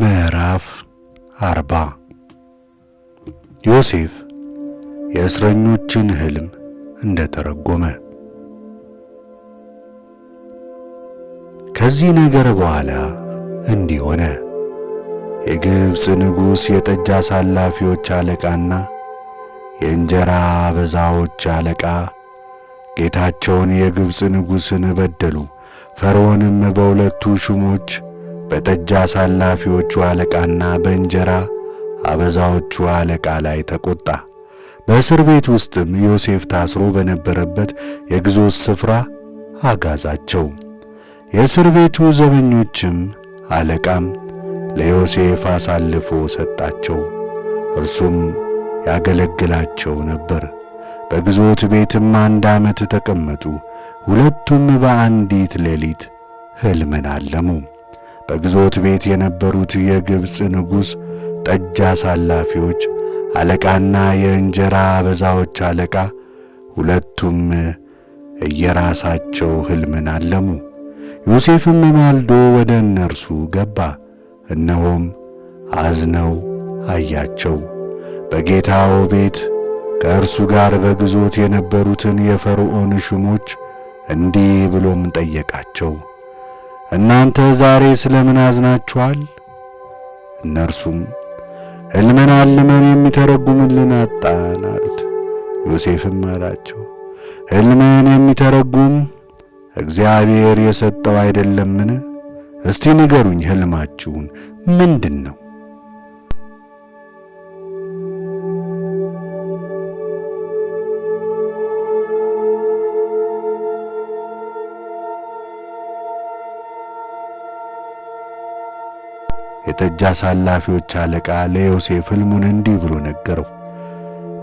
ምዕራፍ አርባ ዮሴፍ የእስረኞችን ህልም እንደተረጎመ። ከዚህ ነገር በኋላ እንዲህ ሆነ። የግብፅ ንጉሥ የጠጅ አሳላፊዎች አለቃና የእንጀራ አበዛዎች አለቃ ጌታቸውን የግብፅ ንጉሥን በደሉ። ፈርዖንም በሁለቱ ሹሞች በጠጅ አሳላፊዎቹ አለቃና በእንጀራ አበዛዎቹ አለቃ ላይ ተቆጣ። በእስር ቤት ውስጥም ዮሴፍ ታስሮ በነበረበት የግዞት ስፍራ አጋዛቸው። የእስር ቤቱ ዘበኞችም አለቃም ለዮሴፍ አሳልፎ ሰጣቸው፣ እርሱም ያገለግላቸው ነበር። በግዞት ቤትም አንድ ዓመት ተቀመጡ። ሁለቱም በአንዲት ሌሊት ሕልምን አለሙ። በግዞት ቤት የነበሩት የግብፅ ንጉሥ ጠጅ አሳላፊዎች አለቃና የእንጀራ አበዛዎች አለቃ ሁለቱም እየራሳቸው ሕልምን አለሙ። ዮሴፍም ማልዶ ወደ እነርሱ ገባ፣ እነሆም አዝነው አያቸው። በጌታው ቤት ከእርሱ ጋር በግዞት የነበሩትን የፈርዖን ሹሞች እንዲህ ብሎም ጠየቃቸው። እናንተ ዛሬ ስለምን አዝናችኋል? እነርሱም ሕልምን አልመን የሚተረጉምልን አጣን አሉት። ዮሴፍም አላቸው ሕልምን የሚተረጉም እግዚአብሔር የሰጠው አይደለምን? እስቲ ንገሩኝ፣ ሕልማችሁን ምንድን ነው? የጠጅ አሳላፊዎች አለቃ ለዮሴፍ ሕልሙን እንዲህ ብሎ ነገረው።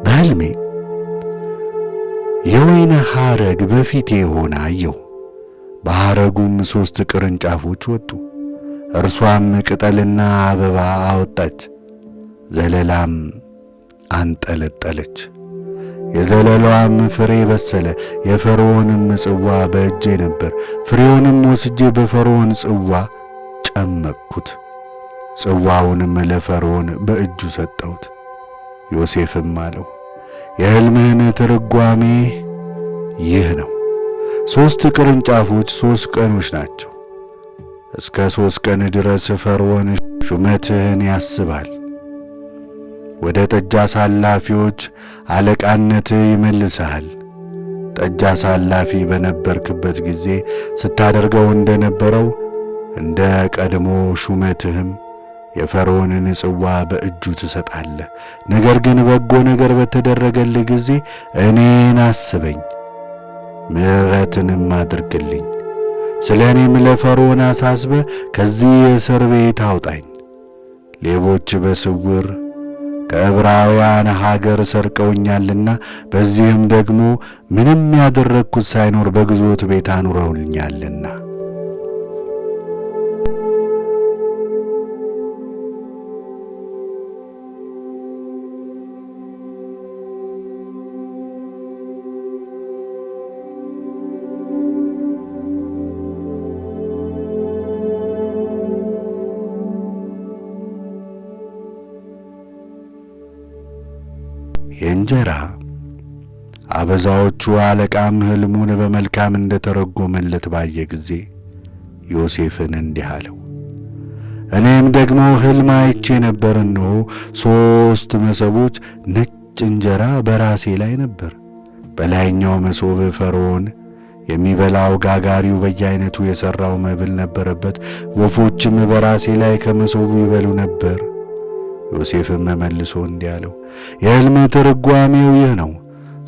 በሕልሜ የወይን ሐረግ በፊቴ ሆና አየሁ። በሐረጉም ሦስት ቅርንጫፎች ወጡ። እርሷም ቅጠልና አበባ አወጣች፣ ዘለላም አንጠለጠለች። የዘለላዋም ፍሬ በሰለ። የፈርዖንም ጽዋ በእጄ ነበር። ፍሬውንም ወስጄ በፈርዖን ጽዋ ጨመቅኩት። ጽዋውንም ለፈርዖን በእጁ ሰጠውት። ዮሴፍም አለው የሕልምህን ትርጓሜ ይህ ነው። ሦስት ቅርንጫፎች ሦስት ቀኖች ናቸው። እስከ ሦስት ቀን ድረስ ፈርዖን ሹመትህን ያስባል፣ ወደ ጠጅ አሳላፊዎች አለቃነት ይመልስሃል። ጠጅ አሳላፊ በነበርክበት ጊዜ ስታደርገው እንደነበረው እንደ ቀድሞ ሹመትህም የፈርዖንን ጽዋ በእጁ ትሰጣለህ። ነገር ግን በጎ ነገር በተደረገልህ ጊዜ እኔን አስበኝ፣ ምሕረትንም አድርግልኝ። ስለ እኔም ለፈርዖን አሳስበ ከዚህ የእስር ቤት አውጣኝ። ሌቦች በስውር ከዕብራውያን ሀገር ሰርቀውኛልና በዚህም ደግሞ ምንም ያደረግኩት ሳይኖር በግዞት ቤት አኑረውልኛልና። የእንጀራ አበዛዎቹ አለቃም ሕልሙን በመልካም እንደ ተረጎመለት ባየ ጊዜ ዮሴፍን እንዲህ አለው፣ እኔም ደግሞ ሕልም አይቼ ነበር። እነሆ ሦስት መሶቦች ነጭ እንጀራ በራሴ ላይ ነበር። በላይኛው መሶብ ፈርዖን የሚበላው ጋጋሪው በየአይነቱ የሠራው መብል ነበረበት። ወፎችም በራሴ ላይ ከመሶቡ ይበሉ ነበር። ዮሴፍም መልሶ እንዲህ አለው፣ የሕልም ትርጓሜው ይህ ነው።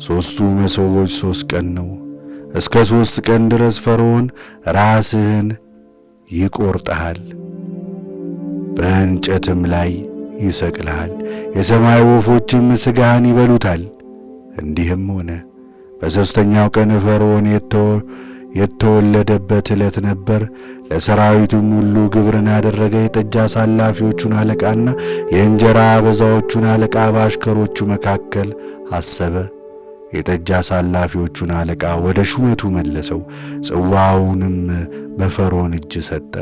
ሦስቱ መሶቦች ሦስት ቀን ነው። እስከ ሦስት ቀን ድረስ ፈርዖን ራስህን ይቆርጠሃል፣ በእንጨትም ላይ ይሰቅልሃል፣ የሰማይ ወፎችም ሥጋህን ይበሉታል። እንዲህም ሆነ በሦስተኛው ቀን ፈርዖን የተወ የተወለደበት ዕለት ነበር። ለሰራዊቱም ሁሉ ግብርን አደረገ። የጠጅ አሳላፊዎቹን አለቃና የእንጀራ አበዛዎቹን አለቃ በአሽከሮቹ መካከል አሰበ። የጠጅ አሳላፊዎቹን አለቃ ወደ ሹመቱ መለሰው፣ ጽዋውንም በፈርዖን እጅ ሰጠ።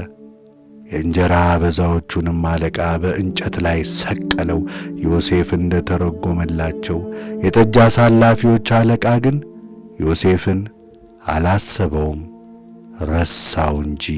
የእንጀራ አበዛዎቹንም አለቃ በእንጨት ላይ ሰቀለው። ዮሴፍ እንደ ተረጎመላቸው የጠጅ አሳላፊዎች አለቃ ግን ዮሴፍን አላሰበውም፣ ረሳው እንጂ።